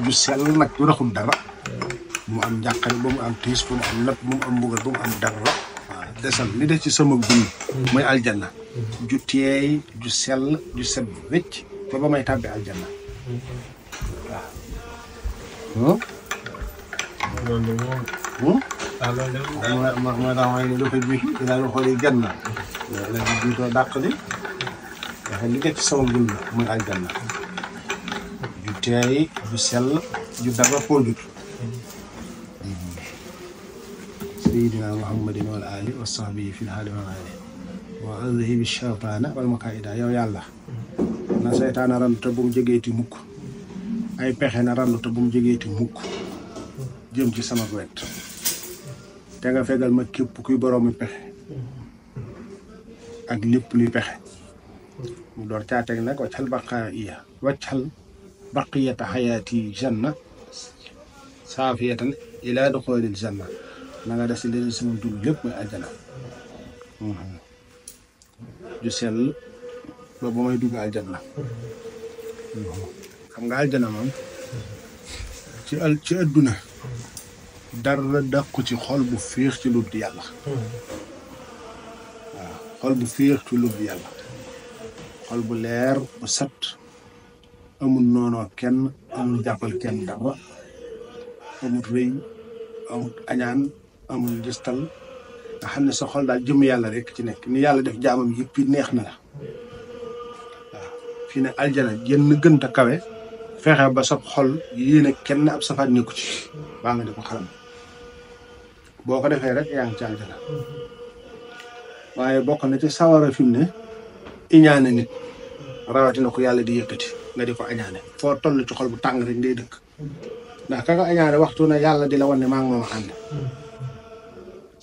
ju sell nag ju raxul dara bu mu am njàqare bu am tiis bu am natt bu am mbugal bu am dara waaw desal li ci sama dund mooy aljanna ju teey ju sell ju set wécc ba ba may tàbbi aljanna waaw loolu moom ma ma tax waaye ne dafa jiitu dinaa doon xoolee li ndax li des ci sama dund mooy aljanna teey ju sell ju dara xóojut sayidina muhammadin ali wa sahbihi fi lhaali wal ali wa adhibi shaytaana wal yàlla na seytaana randu te bu mu jegeeti ay pexe na randu te bu mu jegeeti mukk ci sama wet te nga fegal ma képp kuy boroomi pexe ak lépp luy pexe mu door caa teg nag waccal baqaa iya waccal بقية حياتي جنة صافية إلى دخول الجنة ما هذا سيدي سمو دول لب أجنة جسل بابا ما يدوب أجنة كم قال جنة مام تشال تشال دونا دار دك كتي خال بفيخ تلوب ديالا آه، خال بفيخ تلوب ديالا خال بلير بسط amul noonoo kenn amul jàppal kenn dara amul rëy amul añaan amul njëstal nga xam ne sa xol daal jëm yàlla rek ci nekk ni yàlla def jaamam yëpp neex na la waaw fii ne aljana jën gën a kawe fexe ba sa xol yéene kenn ab safaat nekku ci waa nga di ko xalam boo ko defee rek yaa ngi ci aljana waaye bokk na ci sawara fi mu ne iñaane nit rawatina ko yàlla di yëkkati nga di ko añaane foo tol ci xol bu tàng rek day dëkk ndax ka nga añaane waxtu na yàlla di la wan ne maa ngi moom ànd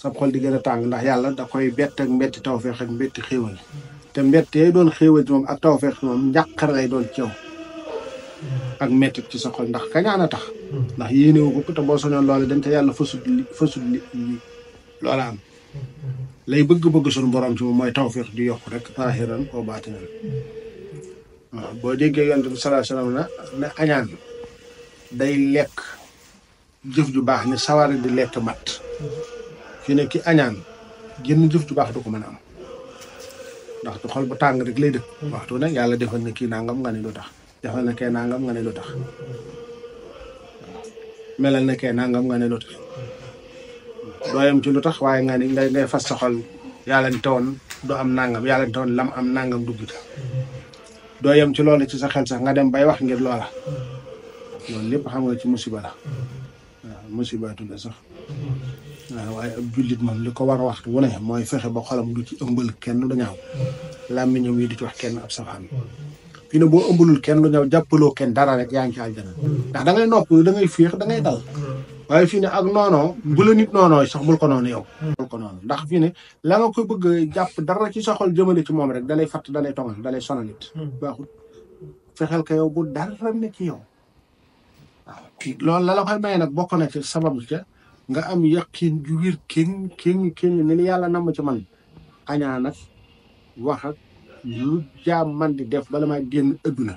sab xol di gën a tàng ndax yàlla da koy bett ak mbetti tawfeex ak mbetti xéewal te mbett doon xéewal moom moom njàqar lay doon ceew ak mettit ci sa ndax kañaan a tax ndax yéenewu ko te boo soñoon loolu dañ te yàlla fasut li fasut lay bëgg-bëgg suñu borom ci moom mooy tawfeex di yokk rek waaw boo déggee yonent bi salaa salaam na ne añaan day lek jëf ju baax ni sawara di lekk matt fi ne ki añaan génn jëf ju baax du ko mën a am ndax du xol bu tàng rek lay dëkk waxtu ne yàlla defal na kii nangam nga do lu tax defal na kee nangam nga ne lu tax melal nangam nga ne lu tax dooyam ci lu tax waaye nga ni ngay fas sa xol yàlla ni tawoon du am nangam yàlla ni tawoon lam am nangam dugg doo yem ci loola ci sa xel sax nga dem bay wax ngir loola loolu lépp xam nga ci musiba la waaw musiba tudd sax waaw waaye ab jullit moom li ko war a wax wu ne mooy fexe ba xolam du ci ëmbal kenn du ñaaw làmmiñam wi di ci wax kenn ab safaan fii ne boo ëmbalul kenn lu ñaaw jàppaloo kenn dara rek yaa ngi ci àljana ndax da ngay nopp dangay ngay féex da ngay dal waaye fii ne ak noonoo bu la nit noonoo sax bul ko noonu yow ko ndax fii ne la nga ko bëgg jàpp dara ci sa xol jëmale ci moom rek dalay fatt dalay tongal dalay sonal nit hmm. baaxut fexeel ko yow bu dara ne ci yow waaw loolu maye nag bokk na ci sababu ca nga am yaqin ju wér kéng kéng kéng ni yàlla namm ci man añaa nag wax man di def bala maa génn adduna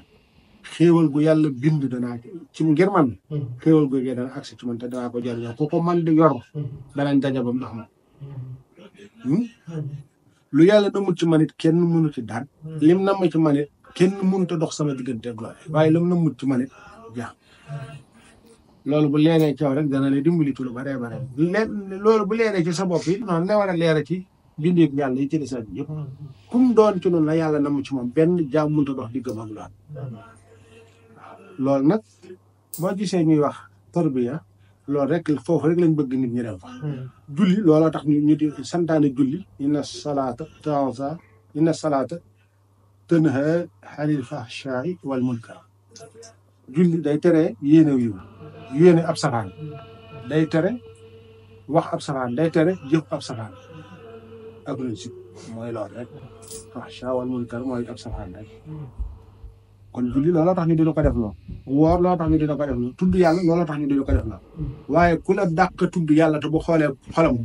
xéewal gu yàlla bind danaa ci ngir man hmm. xéewal gu yàlla dana agsi ci man te danaa ko jariñoo ku ko man di yor hmm. danañ daje ba mu ma Hmm? lu yàlla namul ci manit kenn mënu ci daan hmm. lim na namm ci manit kenn mënut a dox sama diggante ak loolu waaye ci manit loolu bu leenee ci yow rek dana lay dimbali lu bare bare loolu bu leenee ci sa bopp yi noonu ne war a leera ci bindiib yàlla yi ci li sa yëpp kum doon ci noonu la yàlla namm ci moom benn jaam mënut a dox diggam ak loolu nag boo gisee ñuy wax tarbiya لو رك الفوف رك لين بعدين ميرا فا جولي لو على تك نيو دي سنتا نجولي إن الصلاة تانزا إن الصلاة تنهى حال الفحشاء والمنكر جولي داي ترى يينو يو يين أبصران داي ترى وح أبصران داي ترى يو أبصران أبرز ما يلاد الفحشاء والمنكر ما يبصران داي كل جولي لو على تك نيو دي لو كده فلو woor loo tax ñu dina ko def na tudd yàlla looloo tax ñu dina ko def mm. waaye ku la dàq tudd yàlla te bu xoolee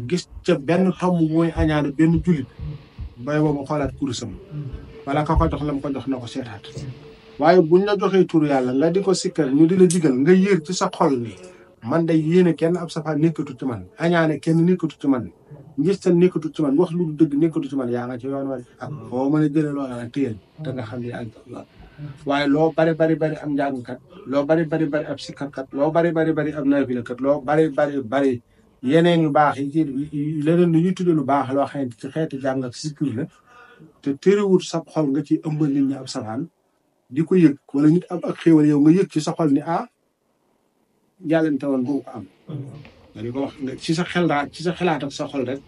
gis ca benn tomb mooy añaane benn jullit bay boobu xoolaat kursam mm. wala ka ko jox lam ko jox na ko seetaat waaye buñ la joxee tur yàlla nga di ko sikkal ñu di la digal nga yër ci sa xol ni man day yéene kenn ab safa nekkatu ci man añaane kenn nekkatu ci man ngistal nekkatu ci man wax lu dëgg nekkatu ci man yaa nga ci yoon wa ak foo mën a jëlee loola nag téyel te nga xam ne yaa ngi waaye loo bari bari bari am njàngkat loo bari bari bari ab sikkarkat loo bari bari bari ab naafilakat loo bari bari bari yeneen yu baax yi ci leneen lu ñuy tudde lu baax loo xam ci xeeti jàng ak la te tëriwut sa xol nga ci ëmbal ni ñi ab safaan di ko yëg wala am ak nga yëg ci sa xol ni ah jàllante woon boo ko am mm-hmm. nga ci sa xel ci sa xelaat ak sa xol rek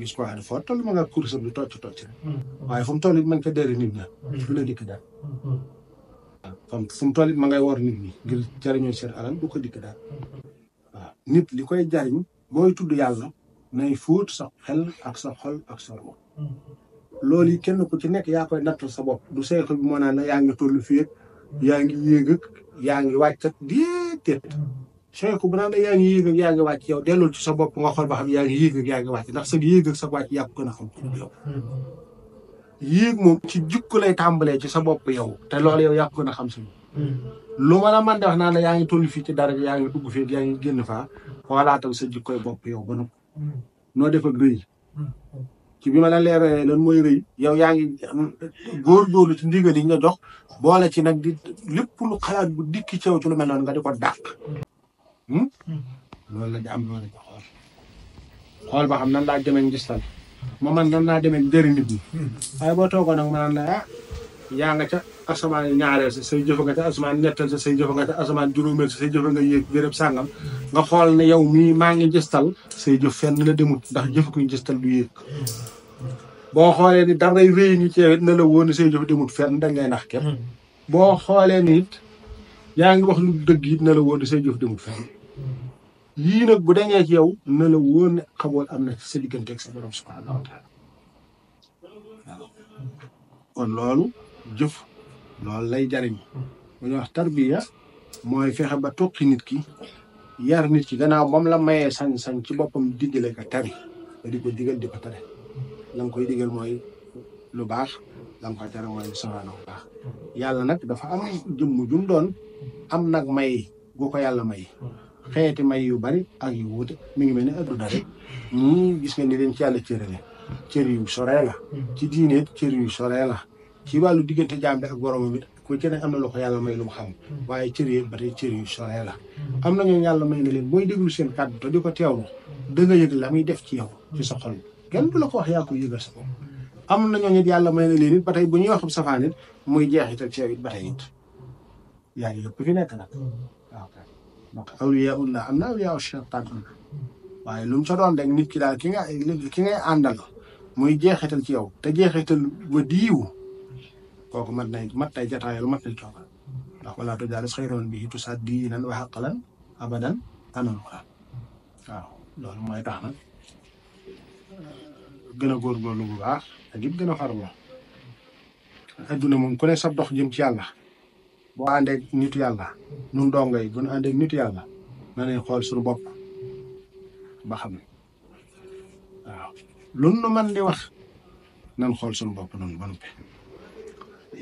gis ko xam fo foo ma nga course am tocc tocc rek waaye fu mu toll it ma nga deri nit ña fu la dikk daal fam fu mu toll ma ngay wor nit ñi ngir jariñoo seen alal du ko dikk daal waaw nit li koy jariñ booy tudd yàlla nay fóot sa xel ak sa xol ak sa ruux hmm. loolu yi kenn ku ci nekk yaa koy nattal sa bopp du seeko bi moo naan la yaa ngi toll fii yaa ngi yéeg ak yaa ngi wàcc ak déedéet hmm. sooyeeku bu naan yaa ngi yéeg ak yaa ngi wàcc yow dellul ci sa bopp nga xool ba xam yaa ngi yéeg ak yaa ngi wàcc ndax sa yéeg ak sa wàcc yàpp gën a xam ci jukk lay tàmbalee ci sa bopp yow te lool yow yàpp gën xam si lu ma la man de wax naan yaa ngi toll fii ci dara yaa ngi dugg fii yaa ngi génn faa xoolaatal sa jikkoy bopp yow ba nu noo def ak rëy ci bi ma la leeralee lan mooy rëy yow yaa ngi góorgóorlu ci ndigal yi nga jox boole ci nag di lépp lu xalaat bu dikki ci yow ci lu mel noonu nga ko dàq Hmm? loolu la jaam noonu ci xool xool xam nan laa demee ngistal ma man nan laa demee njëriñ nit ñi waaye boo toogoon nag ma naan la ah yaa nga ca asamaan ñaareel se say jëfa nga ca asamaan ñetteel si say jëfa nga ca asamaan juróomeel si nga sàngam nga xool ne yow mii maa ngi gistal say jëf fenn la demut ndax jëfa kuñ gistal du yéeg boo xoolee ni dara wéy ñu ceewit na la woon say jëf demut fenn dañ lay nax képp hmm. boo xoolee ni yaa ngi wax nu dëgg it na la woon say jëf demut fenn li nak bu dañee ak yow na la wóor xamol amna ci sa digënté ak sa borom subhanahu wa taala on lolu jëf lolu lay jarim bu wax tarbiya moy fexé ba toqi nit ki yar nit ki gannaaw mom la mayé san san ci boppam diggale ka tari di ko digal di ko tari lang koy digal moy lu baax lang koy tari moy subhanahu wa ta'ala yalla nak dafa am jëm jum doon am nak may gu ko yàlla may xeeti may yu bari ak yu wuute mi ngi mel ni adduna rek ñii gis nga ni leen ci yàlla cërale cër yu soree la ci diine cër yu soree la ci wàllu diggante jaam bi ak boromam am na lu yàlla may lu mu xam waaye cër yi ba tey yu soree la am na ñoo yàlla may na leen booy déglu seen kàddu te di ko teewlu danga yëg def ci yow ci sa xol kenn du la ko ko am na ñooñu it yàlla may na leen it bu ñuy wax safaan it muy jeexital ci yow it ba tey it yaa ngi yëpp fi nekk nag mm-hmm. ndax awliyaa ullah am na awliyaa shaytaan waaye lu mu ca doon rek nit ki daal ki nga ki ngay àndal muy jeexital ci yow te jeexital ba diiw kooku mat nay mat nay jataayal mat nay toogal ndax wala tujaalis xayroon bi tusaat diinan wa xaqalan abadan anam waaw loolu mooy tax nag gën a góorgóorlu bu baax ak it gën a farlu adduna moom ku ne sab dox jëm ci yàlla boo àndeek nitu yàlla nun dongo yi bu nu àndeek nitu yàlla na leen xool sunu bopp ba xam ne waaw lun nu man di wax nan xool sunu bopp nun ba noppi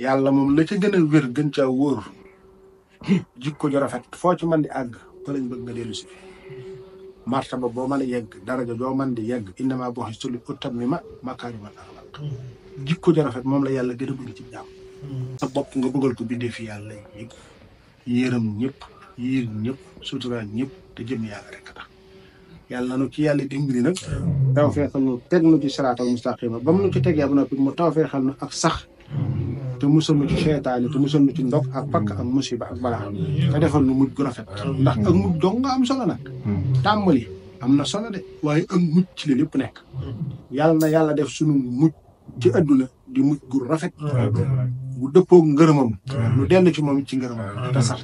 yàlla moom la ca gën a wér gën caa wóor jikko ju rafet foo ci man di àgg fa lañ bëgg nga dellu si martaba boo mën a yegg daraja boo man di yegg innama boo xis tuli utam mi ma makkaarimal axlaq jikko ju rafet moom la yàlla gën a bëgg ci jàmm sa bopp nga bëggal ko bindee fi yàlla yi yéeram ñëpp yiir ñëpp suturaan ñëpp te jëm yàlla rek tax yàlla nu ci yàlla dimbali nag taw feexal nu teg nu ba mu ci tegee ba noppi mu taw feexal nu ak sax te musal nu ci seetaani te musal nu ci ndog ak pakk ak musiba ak balaa te defal nu mujj gu rafet ndax ak mujj dong nga am solo nag tàmbali am na solo de waaye ak mujj ci li lépp nekk yàlla na yàlla def sunu mujj ci aduna di mucc gu rafet bu dëppoo ngërëmam lu dellu ci moom ci ngërëmam tasar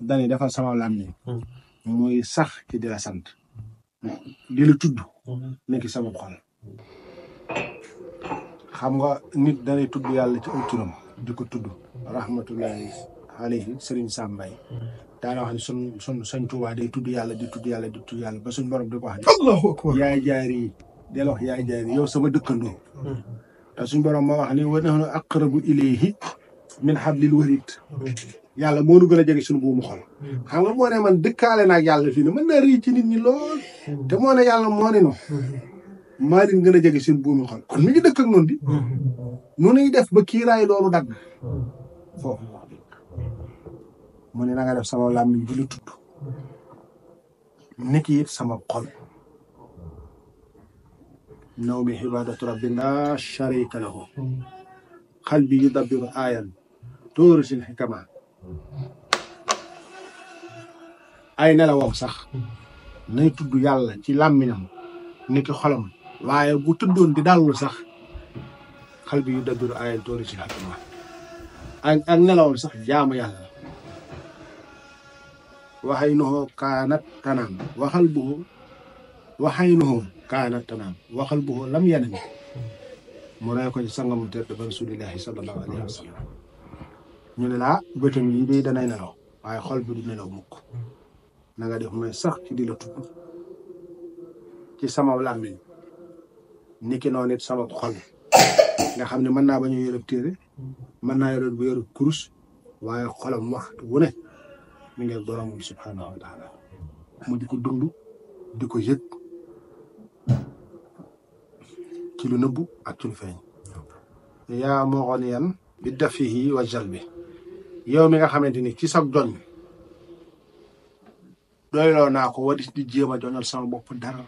dani defal sama làmmi moy sax ci di la di la tudd hmm. nekk sama xol xam nga nit dani tuddu yalla ci ay turam diko tuddu rahmatullahi alayhi serigne Sambay hmm. daana wax ne sun sun sañ Tuubaa day tudd yàlla di tudd yàlla di tudd yàlla ba suñ borom di ko wax ne allahu akbar yaay sama dëkkandoo mm-hmm. te suñ borom moo wax ni wa nahnu aqrabu ilayhi min hablil warid mm-hmm. yàlla moo nu gën a jege suñu buumu xol mm-hmm. xam nga moo ne man dëkkaale naag yàlla fii ne mën na rii ci nit ñi lool te moo ne yàlla moo ne no maa a jege seen buumu kon mi ngi dëkk di nu ñuy def ba kiiraay loolu dagg foofu mu ne na nga sama làmmiñ bi lu niki it sama xol naw mi ibadatu rabbin la sharika lahu qalbi yudabbiru ayan tuurisil xikama ay nelawam sax nay tudd yàlla ci làmmiñam niki xolam waaye bu tud di dallu sax xal bi yu dabbiru ayan tuurisil xikama ak ak nelawam sax jaamu yàlla وحينه كانت تنام وقلبه وحينه كانت تنام وقلبه لم ينم مرايكو سانغام تيرد رسول الله صلى الله عليه وسلم ñu ne laa bëtam yi day danay nelaw waaye xol bi du nelaw mukk na nga def mooy sax ci di la tudd ci sama làmmiñ niki noonu it sama xol nga xam ne mën naa bañ a yorob téere mën naa yorob bu yorob kurus waaye xolam waxtu wu ne mi ngi ak boromam subhaanahu wa taala mu di ko dund di ko yëg ci lu nëbbu ak ci lu feeñ yaa mughniyan bi dafihi yow mi nga xamante ni ci sag doñ doyloo naa ko wadis di jéem a joñal sama bopp dara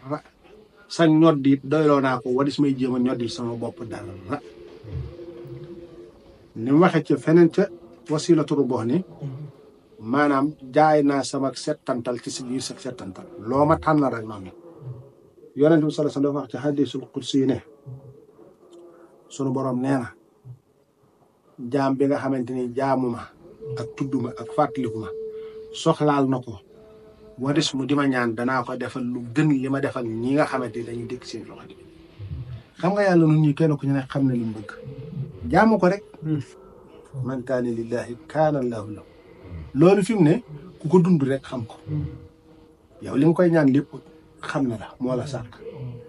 sag ñoddi it naa ko wadis may jéem a ñoddi sama bopp dara ni mu waxee ca feneen ca wasilatu Ma'nam jaay na sama setantal ci si biir sa setantal loo ma la rek noonu la bi sallallahu alaihi wasallam wax ci hadithul qudsi ne sunu borom nena. Jam jaam bi nga xamanteni jaamuma ak tudduma ak fatlikuma soxlaal nako wa waris mu dima ñaan dana ko defal lu gën li ma defal ñi nga xamanteni dañu dañuy seen loxo xam nga yalla nun ñi kenn ku ñu ne xam lu ko rek hmm. man kana lillahi kana lahu lahu loolu fi ne ku ko dund rek xam ko yow li nga koy ñaan lépp xam na moola moo moola sàkk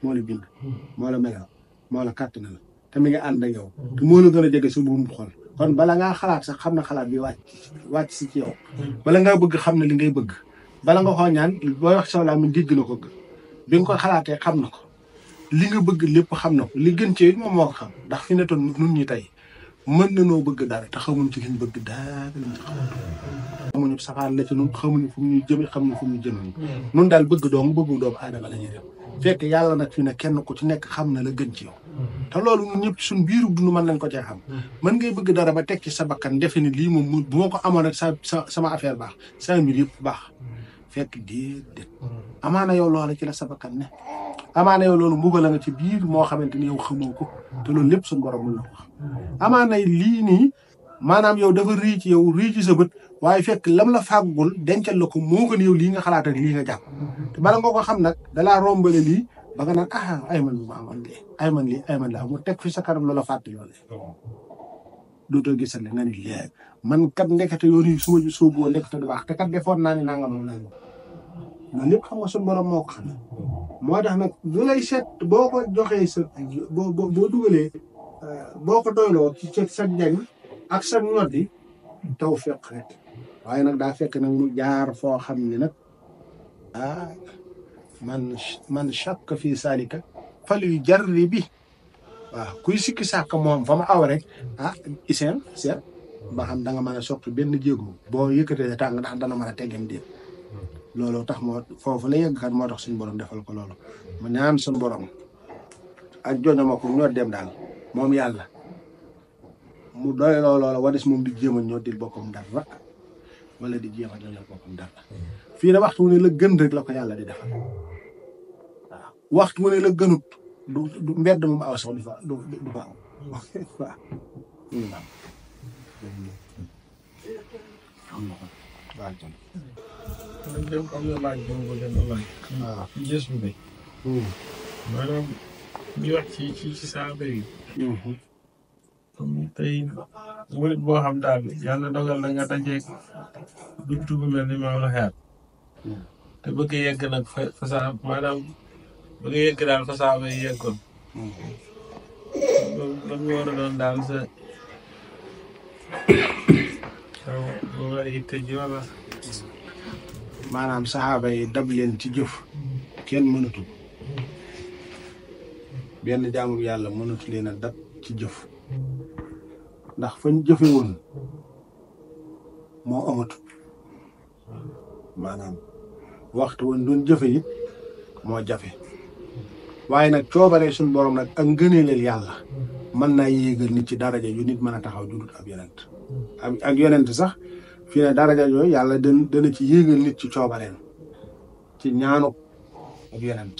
la bind moo la melal moo la kàtt na la te mi nga ànd ak yow te moo la gën a jege sa buum xol kon bala ngaa xalaat sax xam na xalaat bi wàcc wàcc si ci yow bala ngaa bëgg xam na li ngay bëgg bala nga xoo boo booy wax mi dégg na ko bi nga ko xalaatee xam na ko li nga bëgg lépp xam na li gën ci moom moo ko xam ndax fi ne toon nun ñi tey mën nanoo bëgg dara ta xamuñ ci liñ bëgg dara liñ ci xamul. xamuñu saxaar la ci ñun fu mu ñu jëmee xamuñu fu mu ñu jëmee. daal bëgg doomu bëggu doomu aadama la ñuy def. fekk yàlla na fi ne kenn ku ci nekk xam na la gën ci yow. te loolu ñun ñëpp suñ biiru dund mën nañ ko cee xam. mën ngay bëgg dara ba teg ci sa bakkan defe ni lii moom bu ma ko amoon rek sama affaire baax sa mbir yëpp baax. fekk déedéet. amaana yow loola ci la sa bakkan ne. amaa yow loolu mbugal la nga ci biir moo xamante ni yow xamoo ko te loolu lépp suñu borom mën na ko wax amaana lii nii maanaam yow dafa rii ci yow rii sa bët waaye fekk lam la fàggul dencal la ko moo gën yow lii nga xalaat ak lii bala nga ko xam nag dalaa rombale lii ba nga naan ah ay man ma amoon lii ay man lii ay man laa mu teg fi sa kanam loola fàtte loolu dootoo gisal nga ni leer man kat ndekete yoon yi suma ji sóobuwoo ndekete du baax te kat defoon naa ni nangam nangam loolu yëpp xam nga suñu borom moo ko xam moo tax nag lu set boo ko joxee sa boo boo dugalee euh, boo ko doyloo ci set sa njàng ak sa ñoddi taw fekk rek waaye nag daa fekk nag mu jaar foo xam ne nag ah man man chàkk fii saalika fal yu jarri bi waaw kuy sikki sàkk moom fa ma aw rek ah iseen seet ba xam da nga mën a soqi benn jéego boo yëkkatee tàng ndax dana mën a teggem déet Lolo tax mo fofu la kan mo tax suñu borom defal ko lolo mu ñaan suñu borom ak joño mako ñoo dem dal mom yalla mu doy lolo la wadis mom di jema ñoo dil bokkum dara wala di jema a ñoo boppam dara fi na waxtu ne la gën rek la ko yalla di defal waxtu wu ne la gënut du du mbedd mom aw sax du fa du du fa waaw léegi am wax ci ci ci saa béy. tey murit boo xam daal yàlla dogal na nga dajeeg buntu bu ni maam la xeer. te bëgg yegg nag fa fa saa maanaam bëgg yegg daal fa a doon daal sa. waaw boo war wala. maanaam saxaaba yi dab leen ci jëf kenn mënatul benn jaamu yàlla mënatu leen a dab ci jëf ndax fañ jëfe woon moo amatul maanaam waxtu woon doon jëfe it moo jafe waaye nag coobaree suñ borom nag ak ngëneelal yàlla mën naa yéegal nit ci daraja yu nit mën a taxaw judut ab yonent ak yonent sax fii ne daraja yooyu yàlla dana dana ci yéegal nit ci coobareen ci ñaanu ak yonent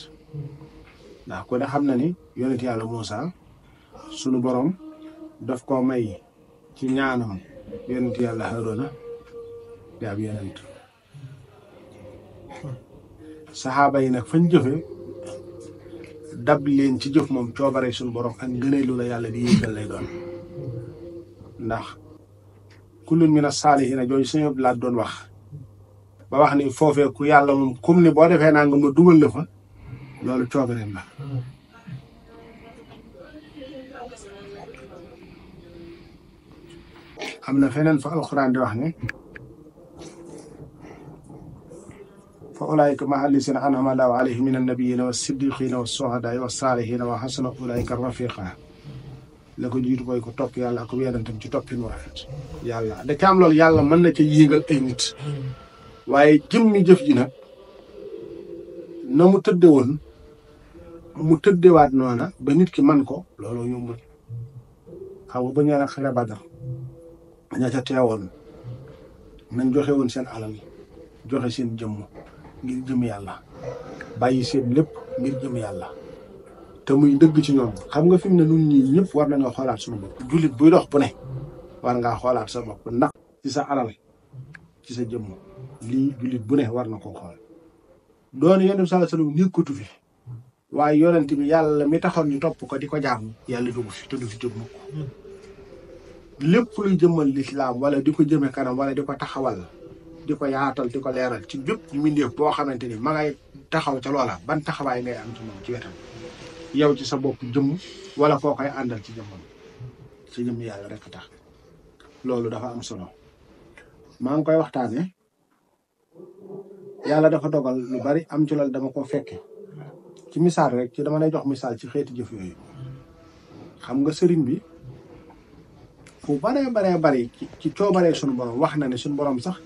ndax ku ne xam na ni yonent yàlla Moussa sunu borom daf koo may ci ñaanam yonent yàlla Haruna di ab yonent saxaaba yi nag fañ jëfe dab leen ci jëf moom coobare suñu borom ak ngëneelu la yàlla di yéegal lay doon ndax kullun mina saalihina jooju sëñ bi laa doon wax ba wax ni foofee ku yàlla moom comme ni boo defee naa nga ma dugal la fa loolu coobareem la am na feneen fa alxuraan di wax ne fa ulaayika ma allisina anama allahu alayhi min annabiyiina wa siddiqiina wa sohadaa wa saalihiina wa xasana ulaayika rafiqa la ko jiitu mooy ko topp yàlla ak yonentam ci toppin mu rafet yàlla da am loolu yàlla mën na ca yéegal ay nit waaye jëmmi jëf ji nag na mu tëdde woon mu tëddewaat noona ba nit ki man ko looloo yombul xaw ba ñu xare Badar ña ca teewoon nañ joxe woon seen alal joxe seen jëmm ngir jëm yàlla bàyyi seen lépp ngir jëm yàlla te muy dëgg ci ñoom xam nga fi mu ne nun ñii ñëpp war nañoo xoolaat suñu bopp jullit buy dox bu war ngaa xoolaat sa bopp ndax ci sa alal ci sa jëmm lii jullit bu ne war na ko xool doon yonent bi sallallahu alayhi wasallam fi waaye yonent bi yàlla mi taxoon ñu topp ko di ko jaam yàlla jógu fi te du fi jóg mukk lépp luy jëmmal lislaam wala di ko jëme kanam wala di ko taxawal di ko yaatal di ko leeral ci bépp mbindeef boo xamante ni ma taxaw ca loola ban taxawaay ngay am ci moom yow ci sa bop jëm wala koo koy andal ci jëmmam ci jëmm yalla rek tax lolu dafa am solo ma ngi koy waxtane yalla dafa dogal lu bari am ci loolu dama ko fekke ci misal rek ci dama lay jox misal ci jëf yoy xam nga sëriñ bi fu bare bare bare ci coobaree suñu borom wax na ne sun borom sax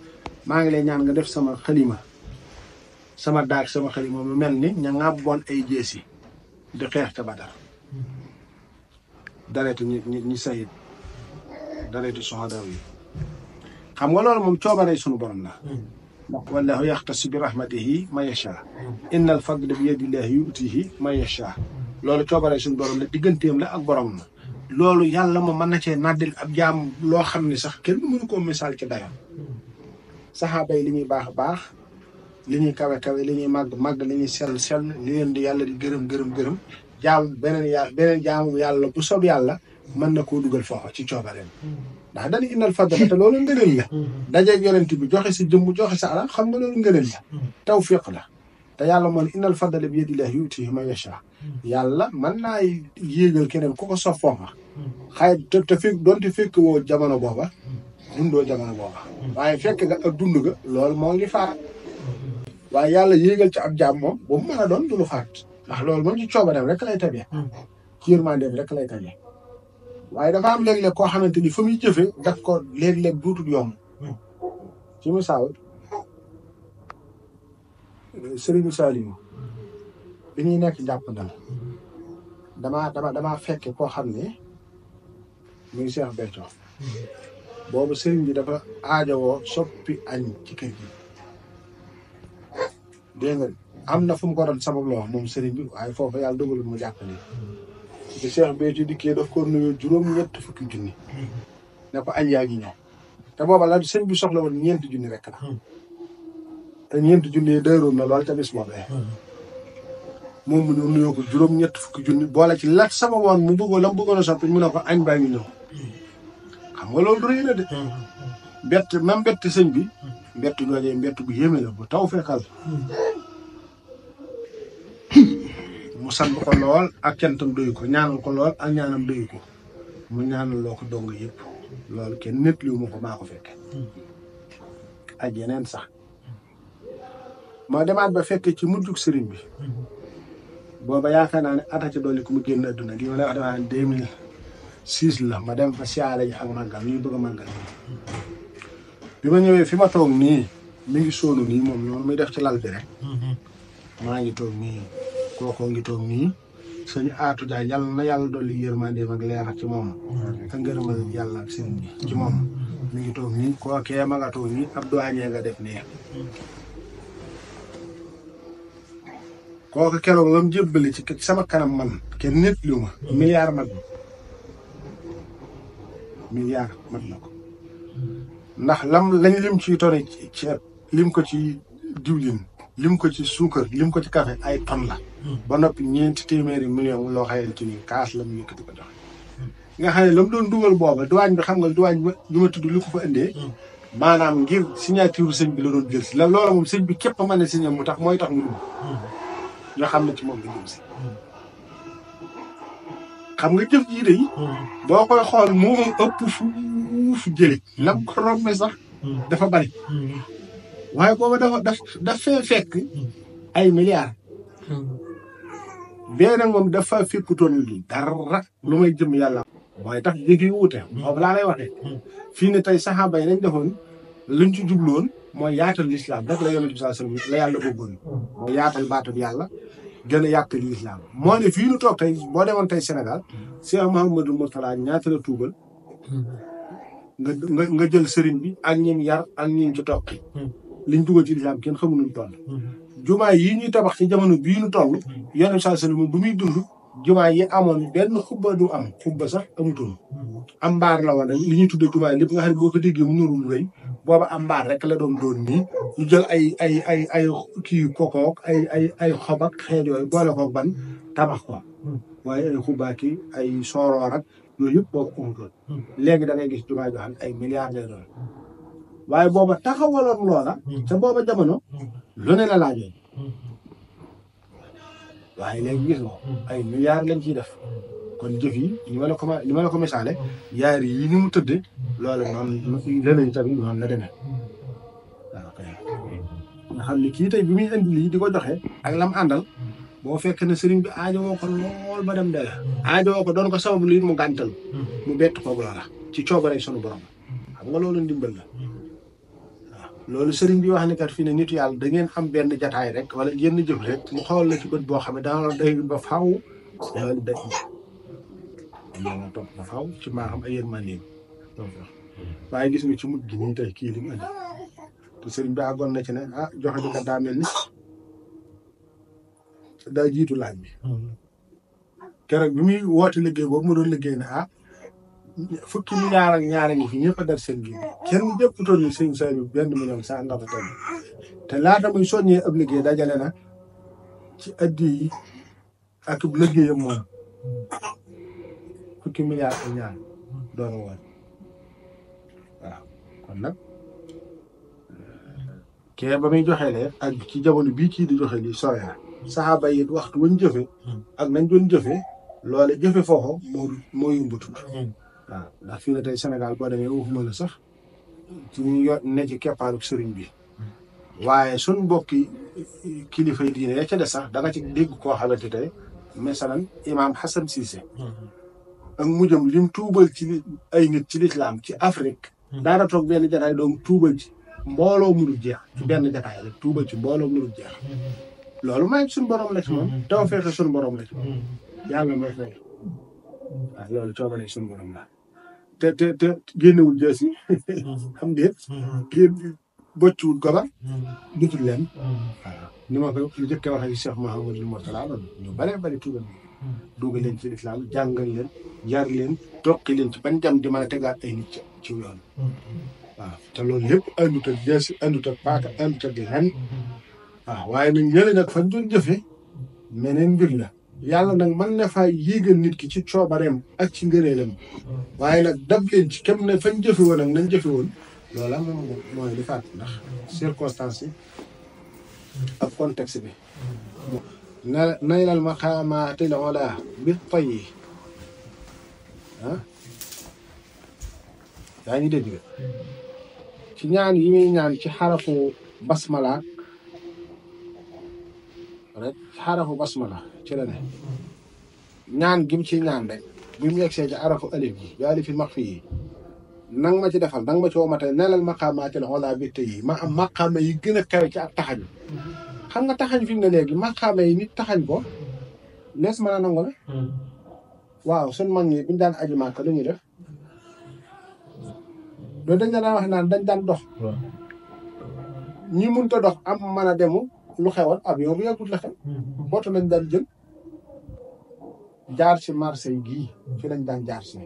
ma ngi lay ñaan nga def sama khalima sama daag sama khalima mu melni ni bon ay di xeex ca Badar dareetu ñi ñi ñi sayid dareetu soxadaw yi xam nga loolu moom coobaree sunu borom la mm. ndax wallahu yaxtasu bi rahmatihi ma yasha mm. inna al fadla bi yadillahi yutihi ma yasha mm. loolu coobaree sunu borom la digganteem la ak borom la loolu yàlla moom mën na cee nàddil ab jaam loo xam ne sax kenn mënu koo misaal ci dayam saxaaba yi baax baax liñuy kawe kawe liñuy mag mag liñuy sel sel sell li leen di yàlla di gërëm gërëm gërëm jaam beneen yàlla beneen jaam yàlla bu sob yàlla mën na koo dugal foofa ci coobareem ndax dañu innal fadla te loolu ngëneel la dajeeg yonent bi joxe sa jëmm joxe sa alal xam nga loolu ngëneel la tawfiq la te yàlla moon innal fadla bi yadillahi yu'tihi ma yasha yàlla mën naa yéegal keneen ku ko sof foofa xay te te fekk doonte fekk woo jamono booba dundoo jamono booba waaye fekk nga ak dund ga loolu moo ngi faat waaye yàlla yéegal ci ab jaam moom bu mu a doon du lu faat ndax loolu moom ci coobareem rek lay tabee hmm. ci yërmandeem rek lay tabee waaye dafa am léeg-léeg koo xamante ni fa muy jëfe daf ko léeg-léeg duutul yomb hmm. ci misaal Serigne Saliou bi ñuy nekk jàpp ndal dama dama damaa fekke koo xam ne muy Cheikh Béthio hmm. boobu Serigne bi dafa aajowoo soppi añ ci kër gi dégg nga am na fu mu ko doon sabab la wax moom sëriñ bi waaye foofu yàlla dogalul mu jàpp ni bi Cheikh Béthio dikkee daf ko nuyoo juróom-ñett fukki junni ne ko añ yaa ngi ñëw te booba la sëñ bi soxla woon ñeenti junni rek la te ñeenti junni dëroon na lool ca bis boobee moom mu ñu nuyoo ko juróom-ñett fukki junni boole ci lat sama woon mu bëggoon la mu bëggoon a soppi mu ne ko añ baa ngi ñëw xam nga loolu du rëy na de hmm. bett même bett sëñ bi mbett jooje mbett bu yéeme la bu taw fekkal mu sant ko lol ak cantam doy ko ñaanal ko lol ak ñaanam doy ko mu ñaanal loo ko dong yep lol kenn net li mu ko mako fekke a jenen sax ma demat ba fekke ci mujjug serigne bi boba ya naa ni ata ci doli ku mu genn aduna di wala lay wax la ma dem fa siara ji ak magal ñu bëgg magal bima ñëwé fi ma tok ni mi mm-hmm. ngi sóonu ni mom ñoo may def ci lal bi rek ma ngi toog nii kookoo ngi toog nii a aatu jaay yalla na yàlla ma yërmandeem ak leer ci mom ak ngeerumal yalla ak seen bi ci mom mi mm-hmm. ngi ni ko ke ma nga tok ni ab doañee nga def ni kooku mm-hmm. keroog la mu jébbali ci sama kanam man kenn nit lu ma milliard mag na milliard mag na ndax lam lañ lim ci toni ceeb lim ko ci diwlin lim ko ci suukar lim ko ci café ay ton la hmm. ba noppi ñeenti téeméeri million loo xayante ni kaas la mu yëkkati ko joxe nga xam ne la mu doon dugal booba duwaañ bi xam nga duwaañ bi li ma tudd li ko fa indee hmm. maanaam ngir signature sëñ bi la doon jël si la loola moom bi képp a mën a signé mu tax mooy tax hmm. xam ne ci moom la xam nga jëf jii de yi hmm. boo koy xool moo ëpp fuuf na lam hmm. ko rombe sax hmm. dafa bari waaye booba dafa daf daf fee fekk ay milliards bee nag moom dafa fekkutoon dara lu may jëm yàlla waaye tax jéggi wuute boobu laa lay waxee fii ne tey saxaaba yi nañ defoon luñ ci jubloon mooy yaatal lislaam rek la yonent bi sallallahu alayhi la yàlla bëggoon mooy yaatal baatab yàlla gën a yàq lislaam moo ne fii nu toog tey boo demoon tey Sénégal mm-hmm. Cheikh Mouhamadou Mourtala ñaata la tuubal mm-hmm. nga nga jël sëriñ bi ak ñim yar ak ñim ci toog mm-hmm. liñ dugal ci lislaam kenn xamuñu toll jumaa yi ñuy tabax ci jamono bii nu toll yonent saa sala moom bu muy dund jumaa yi amoon benn xubba du am xubba sax amutoon am mbaar la woon rek li ñuy tuddee jumaa lépp nga xam ne boo ko déggee mu booba am rek la doon doon nii ñu jël ay ay ay ay kii kokook ay ay ay xob ak tabax ko waaye ay xubaaki ay sooroor ak yooyu yëpp boo ko utoon léegi da ngay gis jumaa joo ay milliards lay doon waaye booba taxawaloon loola te booba jamono lu ne la laajoon waaye léegi gis nga ay milliards lañ ciy def kon jëf yi ni ma ne ko ni ma la ko yi ni mu tëdd loolu noonu leneen tamit noonu la demee waaw kay nga xam ne kii tey bi muy indi lii di ko joxe ak lam àndal boo fekk ne sëriñ bi aajowoo ko lool ba dem dee aajowoo ko doon ko sababu lii mu gàntal mu bett koog loola ci coobare sunu borom am nga loolu ndimbal la loolu sëriñ bi wax ne kat fi ne nitu yàlla da ngeen am benn jataay rek wala yenn jëf rek mu xool la ci bët boo xam ne daanaka day ba faaw loolu day yàlla topp na faaw ci mbaaxam ak yërmandeem donc waaye gis nga ci mujj gi nii tey kii li mu indi te sëriñ bi àggoon na ci ne ah joxe bi kat daa mel ni daa jiitu laaj bi. keroog bi muy woote liggéey boobu mu doon liggéey ne ah fukki ñaar ak ñaar ngi fi ñëpp a def seen biir kenn jëpputoon ni sëriñ Saliou bi benn million sax ndax te laata muy soññee ab liggéey dajale na ci addi yi ak liggéeyam moom. fukki milliards ak ñaar door a woon kon nag eh, kee ba muy joxe lee ak ci jamono bii kii di joxe lii sooy na saxaaba yi waxtu wañ jëfe ak nañ doon jëfe loole jëfe foofu moo moo yumbutu hmm. waaw ndax fii na tey Sénégal boo demee waxuma la sax ci ne ci keppaaru sëriñ bi waaye suñ mbokki kilifa yi diine ya ca des sax da nga ci dégg koo xamante tey masalan imaam ak mujjam lim tuubal ci li ay nit ci lislaam ci Afrique. Hmm. daana toog benn jataay doom tuubal ci mbooloo mu dul jeex. ci hmm. benn jataay rek tuubal ci mbooloo mu dul jeex. Hmm. loolu may suñu borom la ci moom. taw fexe suñu borom la ci moom. yàlla may fay waaw loolu coobare suñu borom la te te te génnewul jees yi bëccuwul gobar hmm. dutul leen hmm. waaw ni ma ko njëkkee wax ak Cheikh Mouhamadul Mourtala loolu ñu bëree bëri tuubal hmm. dugal leen ci lislaam jàngal leen yar leen toqi leen ci ban jam di te a tegaat ay nit ci yoon waaw te loolu yëpp àndut ak jeesi àndut ak paaka àndut ak len waaw waaye nag ñële nag fan doon jëfe meneen mbir la yàlla nag mën na faa yéegal nit ki ci coobareem ak ci ngëneelam waaye nag dab leen ci kem ne fañ jëfe woon ak nañ jëfe woon loola moom mooy li faat ndax circonstance yi ak bi na naylal maqaamaatil ulaa bi tayyi ah yaa ngi dégg ci ñaan yi muy ñaan ci xarafu basmala rek xarafu basmala ci la ñaan gim ci ñaan rek bi mu yegsee ci arafu alif gi bi alifil maxfi yi nang ma ci defal nang ma ci womatee nelal maqaamaati la wala bi yi ma am maqaama yi gën a kawe ci ak taxañ xam nga taxañ fi mu ne léegi maqaama yi nit taxañ ko nees mën a nangu la waaw suñ mag ñi buñ daan aji màkk lu ñuy def loolu dañ la daan wax naan dañ daan dox ñi mënut dox am mën a demu lu xewal avion bu yàggut la xew bootu hmm. lañ daan jël jaar si marché gi gii fi lañ daan jar si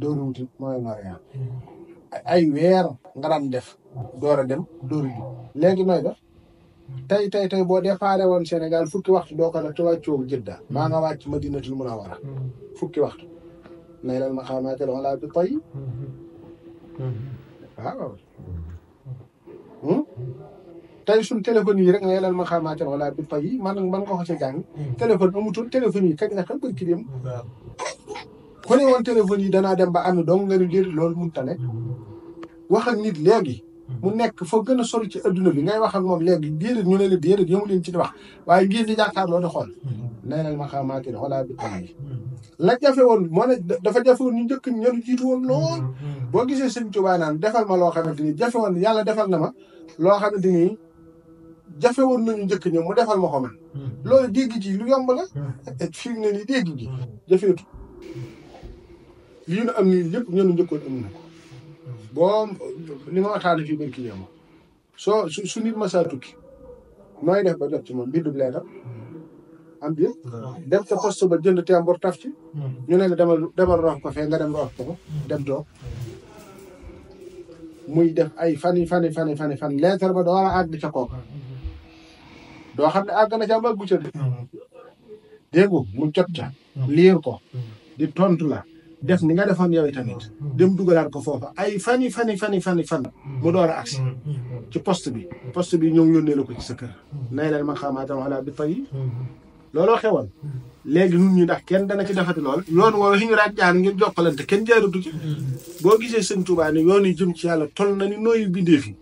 dooru wuti mooy Lorient ay weer nga daan def door a dem dooru ji léegi nooy def tey tey tey boo déparé woon Sénégal fukki waxtu doo ko def te wàccoo Jidda maa nga wàcc Madinatul Munawwara fukki waxtu nay lan ma xamaatel wala bi tay waaw mm-hmm. Hmm? tey suñ téléphone yi rek nga yelal ma xamante wala bi man man nga ko ci jàng. Hmm. téléphone amutul téléphone yi kañ la xam nga kii dem. waaw ku woon téléphone yi danaa dem ba am dong nga ni déedéet loolu mënut ta nekk. Hmm. wax ak nit léegi. Hmm. mu nekk foo gën a sori ci adduna bi ngay wax ak moom léegi déedéet ñu ne la déedéet yëngu leen ci di wax waaye ngeen di jàkkaarloo di xool. neenal ma xamante ne wala bi la jafe woon moo ne dafa jafe woon ñu njëkk ña lu jiitu woon lool. boo gisee sëñ Tuubaa naan defal ma loo xamante ni jafe yàlla defal na ma jafe woon nañu njëkk ñoom mu defal Mohamed loolu dégg ji lu yomb la fi mu ne nii dégg ji jafeetu lii nu am nii lépp ñoom njëkkoon am na ko boo li ma waxtaanee fii barki yéema soo su su nit masaa tukki nooy def ba jot ci moom bindub leetar am bi dem ca poste ba jënd tembor taf ci ñu ne la demal demal rox ko fee nga dem rox ko dem toog muy def ay fani fani fani fani fan leetar ba door a àgg ca kooka doo xam ne àgg na ca am ak gu ca de dégg mu jot ca mm-hmm. liir ko mm-hmm. di tontu la def ni nga defoon yow tamit mm-hmm. dem dugalaat ko foofa ay fani fani fani fani fan mu door a agsi ci post bi post bi ñoom yónnee la ko ci sa kër nay leen ma xamaatam wala bi tey looloo xewoon léegi nu ñu ndax kenn dana ci defati lool yoon woowu fi ñu raaj jaar kenn jaaratu ci boo gisee sëñ Tuubaa yoon yi jëm ci yàlla toll na ni nooyu bindee fi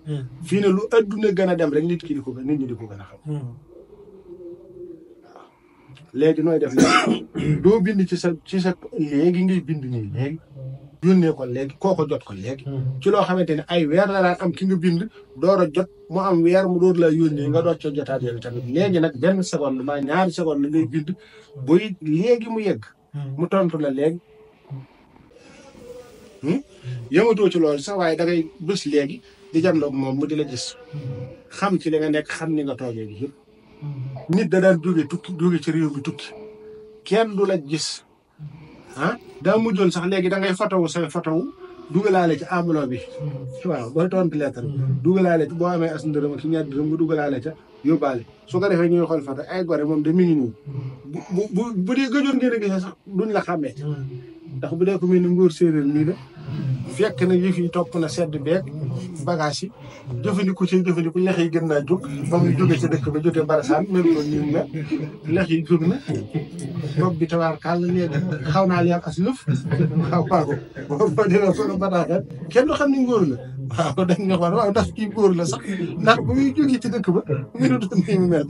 fii ne lu adduna gën a dem rek nit ki di ko gën nit ñi di ko gën a xam hmm. nooy def léegi doo bind ci sa ci sa léegi bind nii léegi yónnee ko léegi kooko jot ko léegi. Hmm. ci loo xamante ne ay weer la daan am ki nga bind door a jot mu am weer mu door la yónnee nga door ca jotaat yooyu tamit léegi nag benn seconde maa ñaari seconde la ngay bind buy léegi mu yegg. Hmm. la léegi. Hmm? yëngatoo ci loolu sax waaye dangay bés léegi di jàndoo moom mu di la gis. xam ci li nga nekk xam ni nga toogee bi nit da daan jóge tukki jóge ci réew mi tukki kenn du la gis. ah daa mujjoon sax léegi da ngay fotowu say fotowu dugalaale ci enveloppe bi mm-hmm. waaw booy tontu lettre mm-hmm. dugalaale ci boo amee as ndërëm ak ñaar dërëm nga dugalaale ca yóbbaale su ko defee ñuy xool foto ay gore moom de mi ngi nii mm-hmm. bu bu bu dee gëjoon ngeen a gisee sax duñ la ndax bu dee ko mel ni ngóor séeréer nii la fekk na yëf yi topp na sedd beeg bagage yi jëfandiku ci jëfandiku lex yi gën naa jóg ba jóge ci dëkk ba jóge barasaan mel ko nii na lex yi jóg na bopp bi tawaar kàll léegi xaw naa leen as lëf waaw waaw boo ko dina ko bataaxal kenn du xam ni ngóor la waaw dañ ne xool waaw la sax ndax bu muy jógee ci dëkk ba mi du doon nii mu mel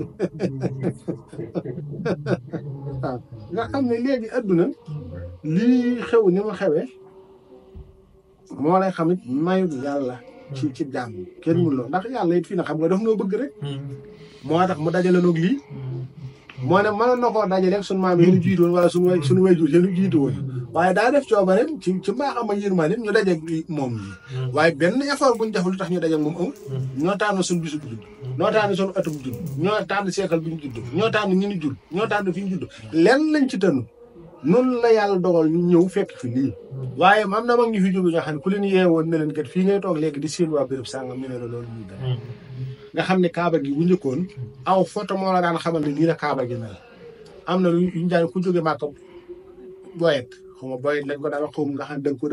waaw nga xam ne léegi adduna lii xew ni mu xewee moo lay xamit mayut yàlla ci hmm. ci jaam kenn mun loo ndax yàlla it fii na xam nga daf noo bëgg rek hmm. moo tax mu dajale noog lii hmm. moo ne mënoon a koo dajale rek sunu maam yi ñu jiitu wala sunu sunu wayjur yi ñu jiitu woon waaye daa def coobareem ci ci mbaaxam ak yërmaandeem ñu dajeeg moom yi waaye benn effort bu ñu deful tax ñu dajeeg moom amul ñoo tànn suñu bisub judd ñoo tànn suñu atum judd ñoo tànn seekal bu ñu judd ñoo tànn ñu ni judd ñoo tànn fi ñu judd lenn lañ ci tënnu noonu la yàlla dogal ñu ñëw fekk fi lii hmm. waaye na mag ñu fi jóge ñoo xam ne ku leen yeewoon ne leen kat fii ngay toog léegi di seen waa béréb sàngam ñu hmm. nga xam ne kaaba gi bu hmm. aw foto moo la daan xamal ne lii la gi na am na lu ñu daan ku jóge Màkka boyet xaw ma boyet lañ ko daan wax xaw da nga ko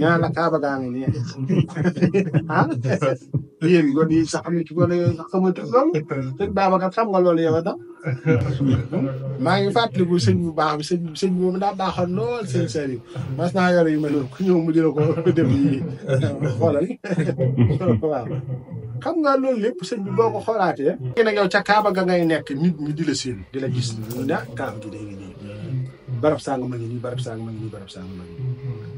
ñaan la Kaaba gaa ngi nii ah yéen góor yi sax am na ci góor yooyu sax xamante loolu sëñ Babacar xam nga loolu yow da maa ngi fàttaliku bu baax bi sëñ sëñ boobu daa baaxoon lool sëñ Saliou mas naa yore yu mel ku ñëw mu jëla ko def yi xoolal waaw nga loolu lépp sëñ bi boo ko xoolaatee gi nag yow ca Kaaba ga ngay nekk nit ñi di la seen di ngi nii barab sàng ma ngi nii barab sàng ma ngi nii barab sàng ma ngi nii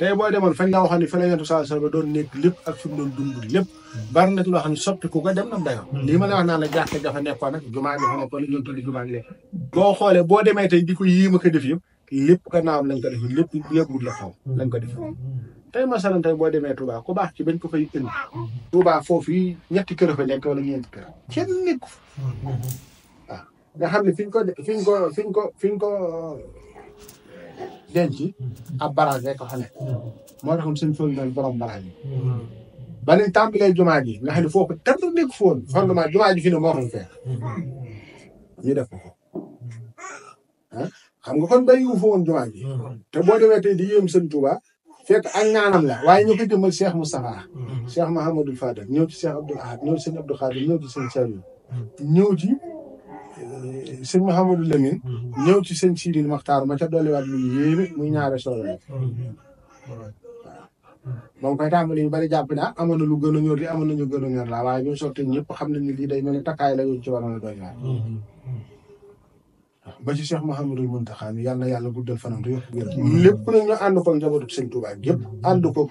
tey booy demoon fañ laa waxoon ne fa la yonent sallallahu doon nekk lépp ak fi mu doon dund lépp bari na ci loo ku ko dem na dayoo hmm. lii ma la wax naan la jàkk dafa nekkoon nag jumaa ji fa nekkoon ñun tuddi jumaa ji boo xoolee boo demee tey di ko yii def yëpp lépp ko naawam lañ ko def lépp yëgul la xaw lañ def hmm. tey masalan tey boo demee Touba ku baax ci bañ ko fay indi Touba foofu yi ñetti kër wala ñeenti kër kenn nekku hmm. waaw ne fiñ ko fiñ ko fiñ ko denc ab barage rek fa nekk moo taxoon seen tool yi doon borom barage yi. ba ni tàmbalee jumaa ji nga xam ne foo ko tënk ji fi ne moo ko feex ñu def ko ah xam nga kon béyu fa woon jumaa ji. te boo demee tey di yéem sëñ Touba fekk ak ñaanam la waaye ñu ko jëmmal Cheikh Moustapha. Cheikh Mahamadou Fadal ñëw ci Cheikh Abdoul Ahad ñëw ci sëñ Abdou Khadir sëñ Mouhamadou Lamine. Mhm. ñëw ci sëñ Sidil Maxtaar ma ca dolliwaat lu yéeme muy mhm. ñaare solo rek. Mhm. moom koy tàmbali ñu bari jàpp na ah, amoon na lu gën a ñor di amoon na ñu gën a ñor la waaye ñun sotti ñëpp xam nañ ni lii day mel ni takkaay ci waroon a doy waar. ba ci Cheikh Mouhamadul Mountakha yàlla na yàlla guddal fanam te yëpp lépp nag ñu ànd ko njabootu sëñ Tuubaa yëpp ànd ko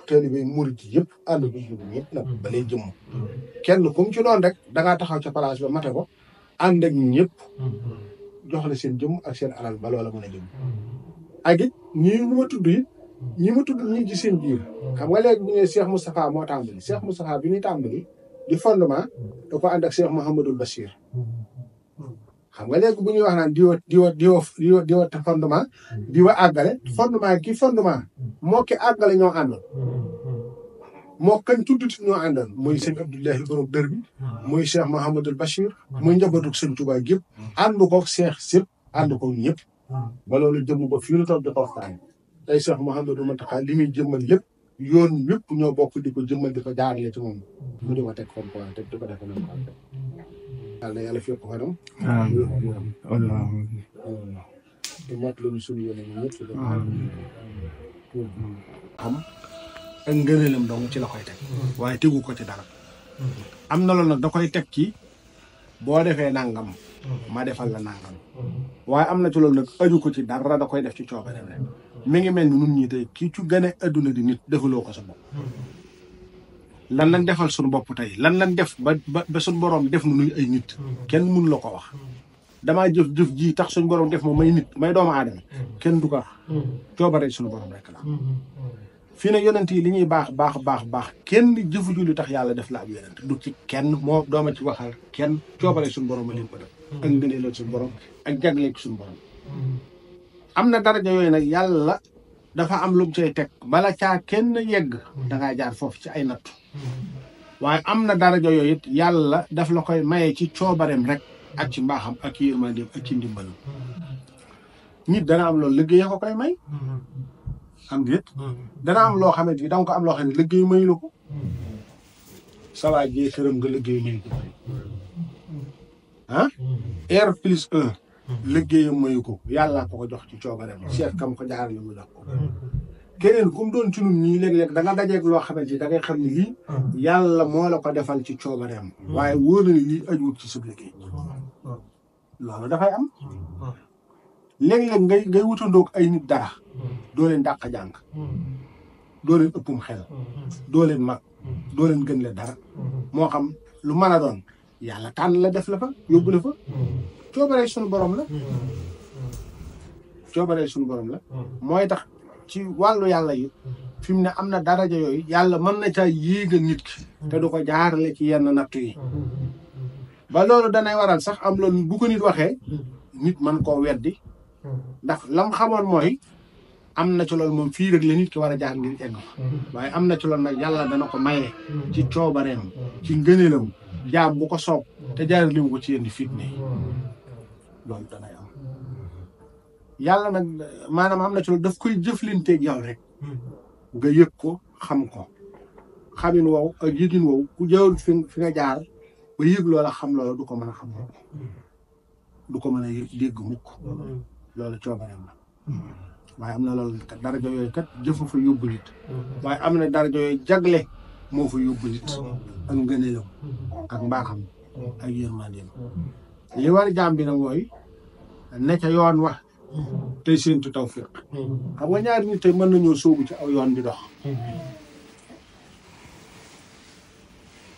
murit yëpp ànd ko jullit yëpp nag ba kenn ku mu ci doon rek da ngaa taxaw ca place ba mate ko ànd ak ñëpp mm-hmm. jox la seen jëm ak seen alal ba loola mën a jëm mm-hmm. ak it ñii ma tudd it ñi ma tudd ñi ci seen biir mm-hmm. xam nga léegi bu ñu nee Cheikh Moustapha moo tàmbali Cheikh Moustapha bi ñuy tàmbali di fondement da ko ànd ak Cheikh Mouhamadul Bachir xam nga léegi bu ñuy wax naan diwa diwa diwa diwa diwa te fondement diwa àggale fondement ki fondement moo ki àggale ñoo àndoon moo kañ tudd ñoo àndoon mooy sëñ Abdoulahi borom dër bi muy Cheikh Mahamadul Bachir. muy njabootu sëñ Tuubaa gépp. ànd koog Cheikh sëpp ànd koog ñëpp. ba loolu jëm ba fii la toog di ko waxtaan. tey Cheikh Mahamadul Mataxa li muy jëmmal lépp yoon yëpp ñoo bokk di ko jëmmal di ko jaarale ci di ko teg comme quoi te di ko def comme ci la koy teg. waaye tegu ko ci dara. am na loolu nag da koy teg ci boo defee nangam. Mhm. ma defal la nangam. Mhm. waaye am na ci loolu nag aju ko ci dara da koy def ci coobareem rek mi ngi mel ni nun ñi tey kii ci gën a adduna di nit defuloo ko sa bopp. Mhm. lan lañ defal suñu bopp tey lan lañ def ba ba suñu def nu ay nit. kenn mënu la ko wax. damaa jëf jëf ji tax suñu borom def ma may nit may doomu aadama. kenn du ko wax. coobare suñu rek la. fii na yonent yi li ñuy baax baax baax baax kenn jëfu ju lu tax yàlla def la ab yonent du ci kenn moo dooma ci waxal kenn coobale suñu borom a leen ko def hmm. ak ngëneelal suñu borom ak jagleel suñu borom hmm. am na daraja yooyu nag yàlla dafa am lu mu teg bala caa kenn yegg hmm. dangaa jaar foofu ci ay nattu waaye am na daraja yooyu it yàlla daf la koy maye ci coobareem rek ak ci mbaaxam ak ci yërmandeem ak ci ndimbalam nit dana am loolu liggéey ko koy may am déet hmm. dana am loo xamante ni danga ko am loo xam ne liggéey may la ko hmm. sawaa jee këram nga liggéey may ko hmm. ah R plus un liggéeyam mayu ko yàllaa ko ko jox ci coobareem seet kam ko jaar la mu jox doon ci ñun ñii léeg-léeg da nga loo xamante ni da xam ne lii yàlla moo la ko defal ci coobareem waaye woo na ni lii ajuwut ci sa liggéey loolu dafay am léegi léeg ngay ngay wutandoog ay nit dara hmm. doo dàq jàng hmm. doo leen ëppum xel hmm. doo leen mag doo gën le dara moo xam lu mën a doon yàlla tànn la def la fa yóbbu la fa coobaree suñu borom la coobaree suñu borom la mooy tax ci wàllu yàlla yi fi mu ne am na daraja yooyu yàlla man na caa yéega nit ki te du ko jaarale ci yenn nattu yi ba loolu danay waral sax am loolu bu ko nit waxee nit mën koo weddi ndax lam xamoon mooy am na ci loolu moom fii rek la nit ki war a jaar ngir egg waaye am na ci loolu nag yàlla dana ko maye. ci coobareem ci ngëneelam jaam bu ko soob te jaar limu ko ci yenn fitne yi loolu danay am yàlla am na ci loolu ko koy jëflanteeg yow rek nga yëg ko xam ko xamin wow ak wow ku jawul fi nga jaar ba yëg loola xam loola du ko mën a xam du ko mën a dégg mukk loolu coobareem la waaye am na loolu daraja yooyu kat jëfa fa yóbbu nit am na daraja yooyu jagle moo fa yóbbu nit ak ngëneelam ak mbaaxam ak li war jaam bi nag mooy ne ca yoon wax tey séentu tawfiq xam nga ñaari nit tey mën nañoo sóobu ci aw yoon di dox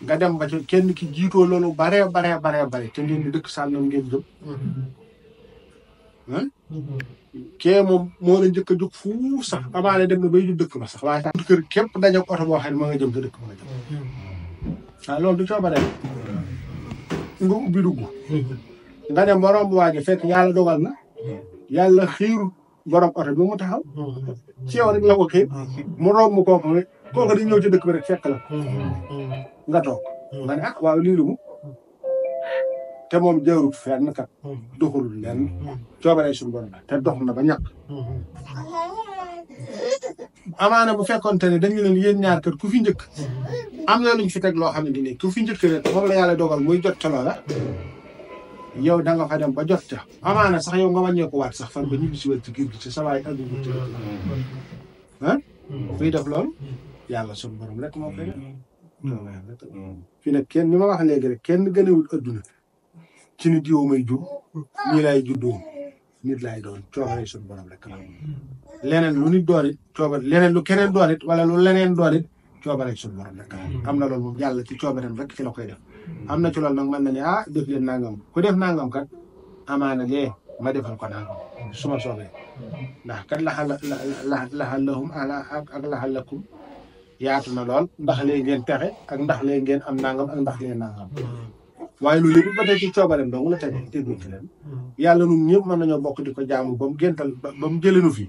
nga dem ba ca kenn ki jiitoo loolu baree baree baree bare te ngeen di dëkk sànnam ah. kee moom moo la njëkk a jóg fuuf sax amaane dem na bay du dëkk ba sax waaye tam kër képp daje ko oto boo xam ne ma nga jëm sa dëkk du coobare nga ubbi dugg nga ne yàlla dogal borom oto bi mu taxaw la ko xiir mu romb kooku rek kooku di ah waaw lii te moom jaarut fenn kat. Hmm. doxul le hmm. coobare suñu borom la te dox na ba ñàkk. amaana bu fekkonte ne dañu leen yéen ñaar kër ku fi njëkk. Hmm. am na luñ fi teg loo xam ne nii ku fi njëkk leen moom la yàlla dogal muy jot ca loola. yow da nga fa dem ba jot ca. amaana sax yow nga wàññeeku waat sax fan ba ñu gis ci kër gi ci sa waay àggu ci ah. kuy def loolu. yàlla suñu borom rek moo koy def. fi nag kenn ni ma wax léegi rek kenn gënewul adduna. ci nit yow may jur nii laay juddoo nit laay doon coobare suñu borom rek la leneen lu nit doon it leneen lu keneen doon wala lu leneen doon it coobare suñu borom rek am na lool moom yàlla ci coobareem rek ci la koy def am na ci loolu nag mën na ne ah def leen nangam ku def nangam kat amaana lee ma defal ko nangam su ma soobee ndax kat laxal la laxal lahum ala ak laxal lakum yaatu na lool ndax lee ngeen texe ak ndax lee ngeen am nangam ak ndax lee nangam waaye loolu yëpp ba tey ci coobareem dong la teg tegul du leen yàlla ñun ñëpp mën nañoo bokk di ko jaamu ba mu géntal ba mu jëlenu fi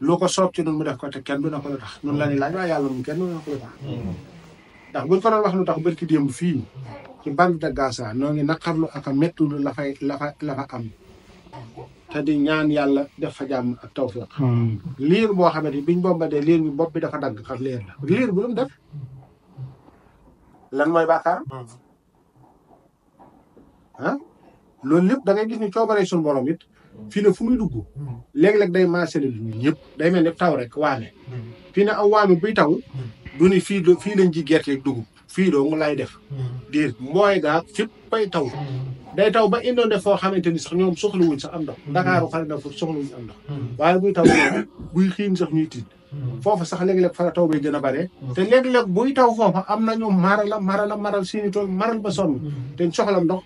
loo ko soob ci noonu mu def ko te kenn du na ko da. tax noonu la ni laaj waaye yàlla moom kenn du na ko lu tax ndax buñ ko doon wax lu tax bërki démb fii ci bande de Gaza noo ngi naqarlu ak a méttu la fay la fa la fa am te di ñaan la def fa jàmm ak tawfiq liir boo xamante ni biñ bombardé lir bi bop bi dafa dagg xar liir la liir bu mu def lan mooy bàkkaar ah loolu lépp da ngay gis ni coobare suñu borom it fii ne fu muy dugg léeg-léeg day maasale lu ñu ñëpp day mel ne taw rek waame fii ne am waame buy taw du ni fii fii lañ ji gerte dugub fii doo mu lay def diir mooy gaa fépp bay taw day taw ba indoon def foo xamante ni sax ñoom soxlawuñ sax am ndox ndakaaru xale na foofu soxlawuñ am ndox waaye buy taw buy sax ñuy foofa sax léeg-léeg fa taw bay gën a bare te taw foofa am nañu maral la maral la maral seeni tool maral ba sonn te soxla ndox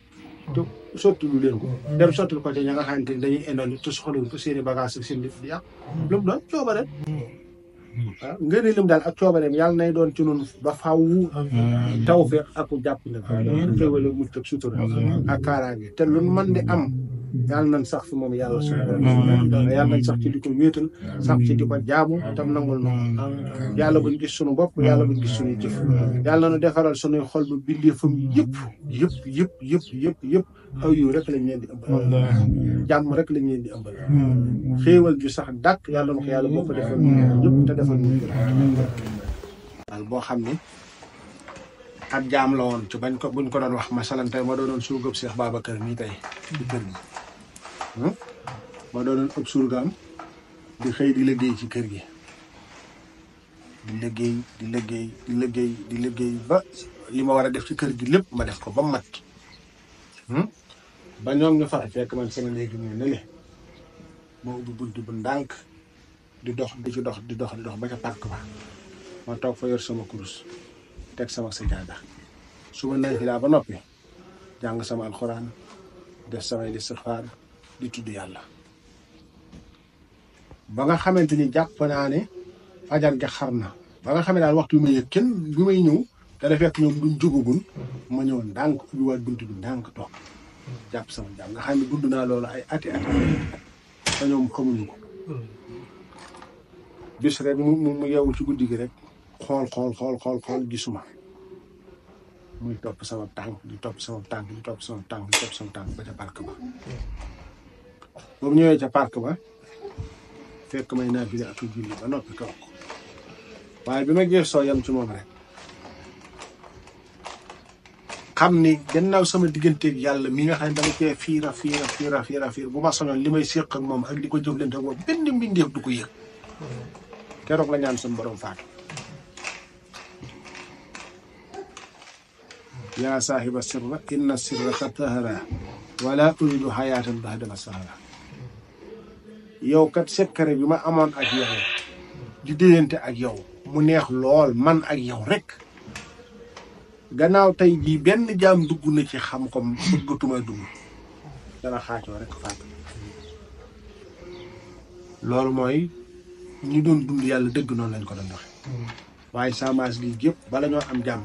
te sotti lu leen ko. dem sotti ko te ña nga xamante ni dañuy indoon te soxlawuñ ko seen i bagage ak seen lépp di yàq. lu mu doon coobare. Hmm. ah ngeen daal ak coobareem yàlla nay doon ci noonu ba faaw. Hmm. taw feex ak jàpp na. waaw hmm. xéwal ak mucc ak sutura. ak te lu man de am. yàlla nañ sax fi yàlla suñu borom yàlla sax ci di ko wéetal sax ci di ko jaamu tam nangul noonu yàlla buñ gis sunu bopp yàlla buñ gis suñuy jëf yàlla nu defaral suñuy xol bu bindee fam yëpp yëpp yëpp yëpp yëpp yëpp aw yu rek lañ leen di ëmbal jàmm rek lañ leen di ëmbal xéewal ju sax dàkk yàlla na ko yàlla boo ko defal ñëpp te defal ñu boo xam ne ab la woon ci bañ ko buñ ko doon wax masalan tey ma doonoon suugëb Seex Babacar nii tey ci kër ma doonoon ab surgaam di xëy di liggéey ci kër gi di liggéey di liggéey di liggéey di ba li ma war a def ci kër gi lépp ma def ko ba mu mat ba ñoom ñu far fekk man sama léegi ñu ne le ma ubbi bunt bu ndànk di dox di ci dox di dox di dox ba ca parc ba ma toog fa yor sama kurus teg sama sajaada su ma neexee laa ba noppi jàng sama alxuraan def samay listixfaar di tuddu yalla ba nga xamanteni japp naane fajar ga xarna ba nga xamé dal waxtu bi ken bu may ñew da la fekk ñoom duñ jogugul ma ñew ndank ubi wat buntu bi ndank tok japp sama jàpp nga xamni ne dund naa ay ati ati te ñoom ñu ko bis rek mu mu yewu ci guddi gi rek xol xol xol xol xol gisuma muy top sama tank di top sama tank di top sama tank di top sama tank ba ca barke ba bam ñëwé ci park ba fekk may na fi ak julli ba nopi ko waaye bima gëss so yam ci mom rek xam ni gannaaw sama ak yalla mi nga xam ne dama cee fiira fiira fiira fiira fiir bu ma soñoon limay may ak mom ak di ko jëflante ak moom benn mbindeef du ko yëk kérok la ñaan sama borom faatu ya saahiba sirra inna sirra qad tahara wala uridu hayatan bahdama sahara yow kat secret bi ma amoon ak yow di déggante ak yow mu neex lool man ak yow rek gannaaw tey jii benn jaam dugg na ci xam kom bëggatuma dugg dana xaacoo rek fàtt loolu mooy ñi doon dund yàlla dëgg noonu lañ ko doon doxe waaye saamaas gi yëpp bala ñoo am jàmm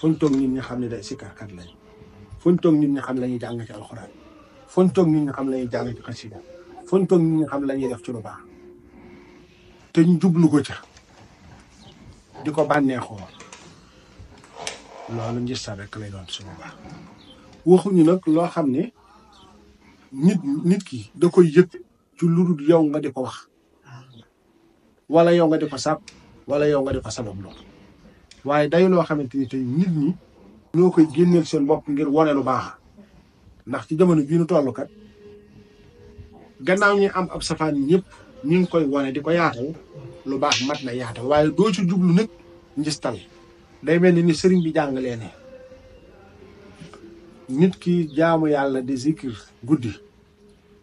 fuñ toog nit ñi xam ne day sikkarkat lañ fuñ toog nit ñi xam lañuy jàng ci alxuraan fuñ toog nit ñi xam lañuy jàng ci xasida fon tok ñi xam lañuy def ci lu baax te ñu jublu ko ca diko ko bànneexoo loolu ngir sa rek lay doon ci lu baax waxu ñu nak lo xamne nit nit ki da koy yëg ci lu dul yow nga diko wax wala yow nga diko sap wala yow nga diko ko sabab loolu waaye day lo xamanteni te nit ñi ñoo koy seen bop ngir woné lu baax ndax ci jamono bi ñu tollu kat gannaaw ñi am ab safaan ñëpp ñu ngi koy wane di ko yaatal lu baax mat na yaatal waaye doo ci jublu nag njistal day mel ni ni sëriñ bi jàngalee ne nit ki jaamu yàlla di zikir guddi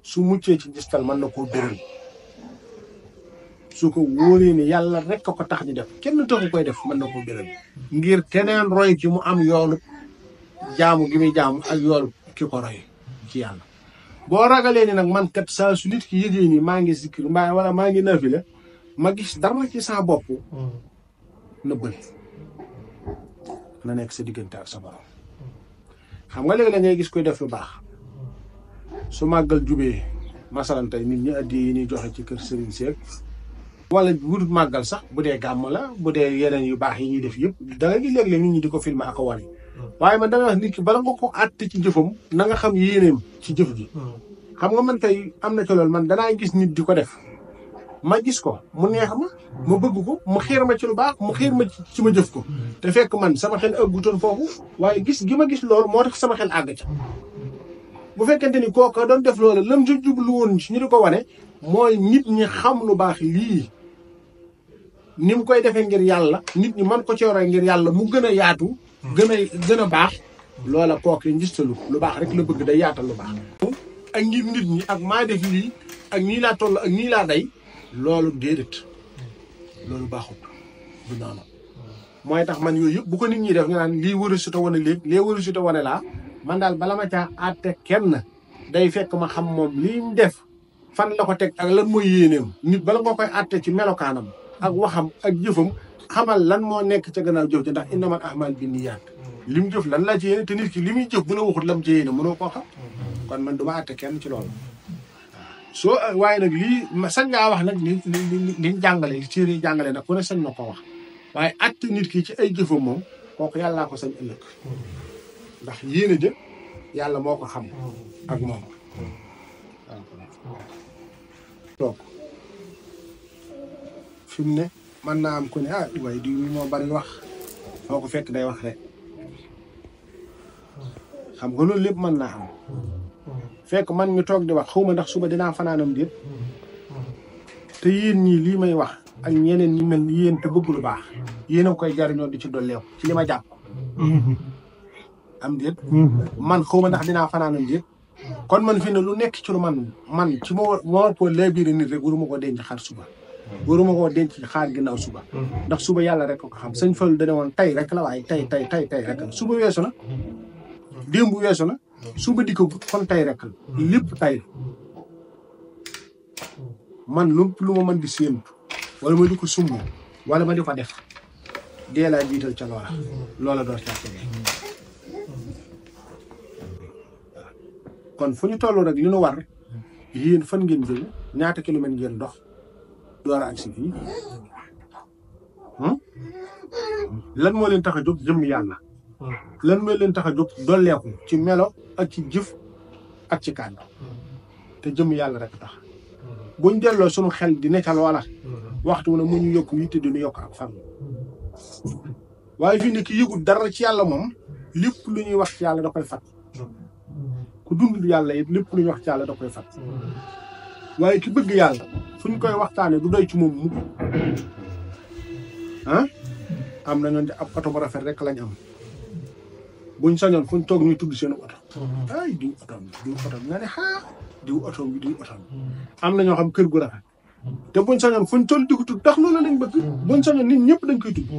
su muccee ci njistal mën na koo béral su ko wóoree yàlla rek ko tax ñu def kenn taxu koy def mën na koo béral ngir keneen roy ci mu am yoolu jaamu gi muy jaamu ak yoolu ki ko roy ci yàlla boo ragalee ni nag man kat saa su ki yëgee ni maa ngi zikir mbaa wala maa ngi nafila ma gis dara ci saa bopp. Mm. nëbbal na nekk sa diggante ak sa xam nga léegi la ngay gis koy def lu baax su màggal jubee masalan tey nit ñi addi yi ñuy joxe ci kër Serigne Seck. wala wut màggal sax bu dee gàmm la bu dee yeneen yu baax yi ñuy def yëpp da nga gis léeg-léeg nit ñi di ko filmer ak a wari waaye man danga wax nit ki bala nga ko àtte ci jëfam na xam yéeneem ci jëf gi hmm. xam nga man tey am na ci man danaa gis nit di ko def ma gis ko mu neex ma ma bëgg ko mu xiir ma ci lu baax mu xiir ma ci ma jëf ko hmm. te fekk man sama xel ëggutoon foofu waaye gis gi ma gis loolu moo tax sama xel àgg ca hmm. bu fekkente ni kooka doon def loolu lam ju jublu woon ci ñu di ko wane mooy nit ñi xam lu baax lii ni koy defee ngir yàlla nit ñi man ko cooree ngir yàlla mu gën a yaatu gën a baax loola kooku njistalu lu baax rek la bëgg day yaatal lu baax ak ngir nit ñi ak maa def lii ak ñii laa toll ak ñii laa day loolu déedéet loolu baaxut du noonu mooy tax man yooyu yëpp bu nit ñi def nga naan lii wëru su ta wane léeg lee wëru su ta laa man daal bala ma caa àtte kenn day fekk ma xam moom lii def fan la ko teg ak lan mooy yéeneem nit bala nga koy atte ci melokaanam ak waxam ak jëfam xamal lan moo nekk ce gannaaw jëf ja ndax innamal a'maalu binniyaat mm. li mu jëf lan laa ci yéene te nit ki li muy jëf bu la waxut lam ci yéene mënoo koo mm-hmm. kon man du ma kenn ci loolu soo waaye nag lii sañ ngaa wax nag ni ni niñ jàngale li téere yi jàngale nag ku ne sañ na ko wax waaye àtte nit ki ci ay jëfam moom kooku yàllaa ko sañ ëllëg mm-hmm. ndax yéene jë yàlla moo ko xam mm-hmm. ak moom toog fi ne man naa am ku ne ah waaye diw mi moo bari wax moo ko fekk day wax rek xam nga loolu lépp mën naa am fekk man ñu toog di wax xawma ndax suba dinaa fanaanam déet te yéen ñii lii may wax ak ñeneen ñi mel yéen te bëgg lu baax yéen koy jariñoo di ci dolleew ci li ma jàpp am déet man xawma ndax dinaa fanaanam déet kon man fi ne lu nekk ci lu man man ci moo moo ko lay biir nit rek waruma ko denc suba waruma koo denc xaar ginnaaw suba mm-hmm. ndax suba yàlla rek ko xam sëñ Fallu dane woon tey rek la waaye tey tey tey tey rek la suba weesu na mm-hmm. démb weesu na suba diko ko kon tey rek la mm-hmm. lépp tey man lu ma mën di séentu wala ko sumb wala ma di ko def dee laa jiital ca loola loola door caa tege kon fu ñu toll rek li nu war yéen fan ngeen jël ñaata kilomètre ngeen dox door a agsi fii lan moo leen tax a jóg jëm yàlla hmm. lan moo leen tax a jóg ci melo ak ci jëf ak ci kàddu hmm. te jëm yàlla rek tax hmm. buñ delloo suñu xel di nekkal wala waxtu na mu ñu yokk yi te duñu yokk ak fam waaye fii ne ki yëgul dara ci yàlla moom lépp lu ñuy wax ci yàlla da koy fat ku dund yàlla it lépp lu ñuy wax ci yàlla da koy fat waye ci bëgg yalla fuñ koy waxtane du doy ci mom mu ah am na ñu di ab auto bu rafet rek lañ am buñ sañon fuñ tok ñuy tudd seen auto ay du auto du auto oto bi nga ne xaa du auto bi diw oto am na ñoo xam kër gu rafet te buñ sañon fuñ tol di ko tudd ndax noonu lañ bëgg buñ sañon nit ñepp dañ koy tudd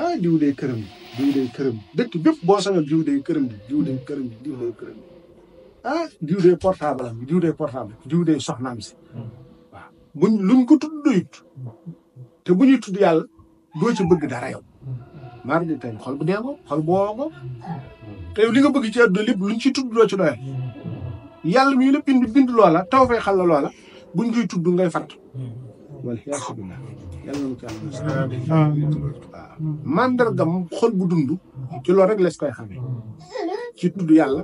ah diw day kërëm diw day kërëm dëkk bëpp bo sañon diw day kërëm diw day kërëm diw day kërëm ah diw day portable diw day portable diw day soxnaam si waaw buñ luñ ko tudd doyut te bu ñuy tudd yàlla doo ci bëgg dara yow maar di tey xol bu dee ko xol bu woo ko te li nga bëgg ci àdduna lépp luñ ci tudd do ci doyal yàlla mi la bind bind loola taw fay xal la loola buñ koy tudd ngay fàtt wala yàlla yàlla na ci yàlla waaw mandargam xol bu dund ci loolu rek lees koy xamee ci tudd yàlla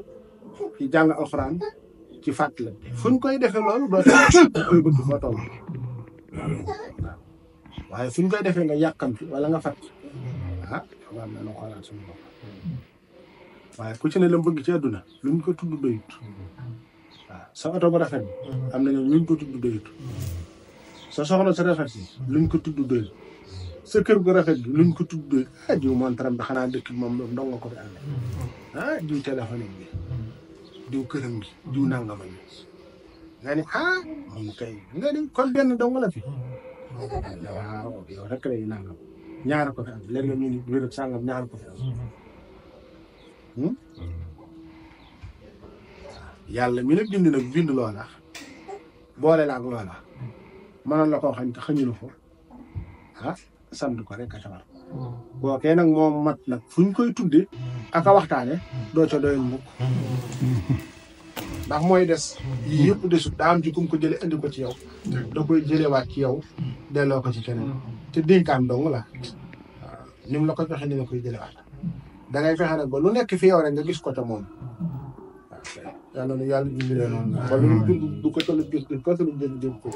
ci jàng alxuraan ci fàttalante fuñ koy defé loolu do koy bëgg fa taw waaye fuñ koy defé nga yàkkamti wala nga fat ah war na xoolaat suñu bopp waaye ku ci ne la bëgg ci aduna luñ ko tuddu doyut ah, sa auto ba rafet am na ñu ko tuddu doyut sa soxna sa rafet ci luñ ko tuddu doyut sa kër gu rafet bi luñ ko tudd doyut ah jiw montaram bi xana dëkk mom doom dong nga ko fi ànd ah jiw téléphone bi diw këram gi diw nangama gi nga ah, kon benn dong la fi waaw rek lay ñaar ko fi am léeg-léeg ñu ni wéréb sàngam ñaar ko fi am hmm? yàlla mi nag bind nag bind loola boole la ak loola mënoon la koo xam te xañu ko ah sant ko rek a ca Mm-hmm. kookee nag moom mat nag fu ñu koy tudde mm-hmm. ak a waxtaane doo ca doyal mukk mm-hmm. ndax mooy des yii yëpp desut daa am ci ko jële indi ko ci yow da koy jëlewaat ci yow delloo ko ci keneen te dénkaan dong la waaw ni mu la ko joxe ni la koy jëlewaat da ngay fexe nag ba lu nekk fi yow rek nga gis ko ca moom yàlla na yàlla dimbalee noonu ba lu ñu dund du ko ca lu gis ko ca lu jël jëm ko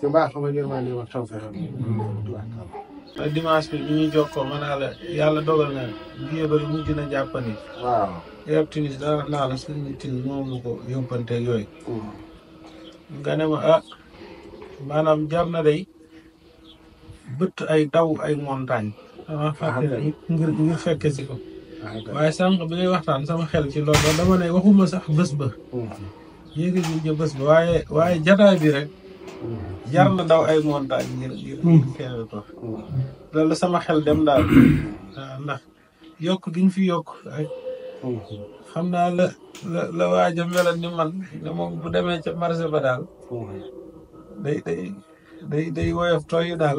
ci mbaax dimanche bi bi ñuy jokkoo ma naa la yàlla dogal na biye bari mujj na jàppandi. waaw yëpp timis dara naa la suñu timis ko yompanteeg yooyu. Hmm. nga ne ma ah maanaam jar na day bëtt ay daw ay montagne dama fàtte ngir ngir fekke si ko. waaye sànq bi waxtaan sama xel ci loolu dama ne waxuma sax bés ba. Hmm. yéegi ñu bés ba bi rek. jar na daw ay montagne ngir ngir teewe hmm. ko loolu sama xel dem daal ndax yokk gi fi yokk ay xam naa la la la waaja melan ni man ne moom ca marché ba daal day day day day woyof tooyu daal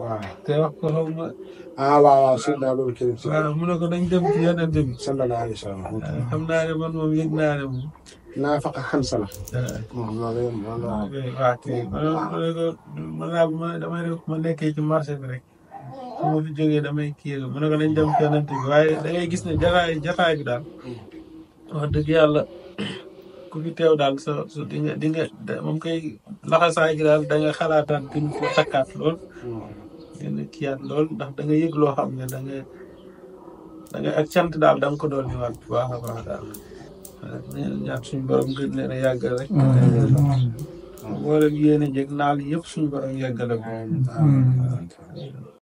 waaw te wax ko xaw ma. ah waaw waaw sëñ naa ko dañ dem ci yeneen bi. sallallahu xam naa ne man moom yëg naa ne naafaqa xamsa la. moom loolu yëpp moom la. waaw kay ma damay ma marché bi rek su ma fi jógee damay kii rek mu ne ko nañ dem keneen bi waaye da ngay gis ne jataay jataay bi daal wax dëgg yàlla ku fi teew daal sa sa di moom kay laxasaay gi daal da nga xalaataan gën lool. ndax da nga yëg loo xam ne da nga daal da nga ko doon ñëwaat daal. ñaan suñu borom gën leen a rek. mboolem yéen a jëg naal yëpp suñu borom yàggale ko.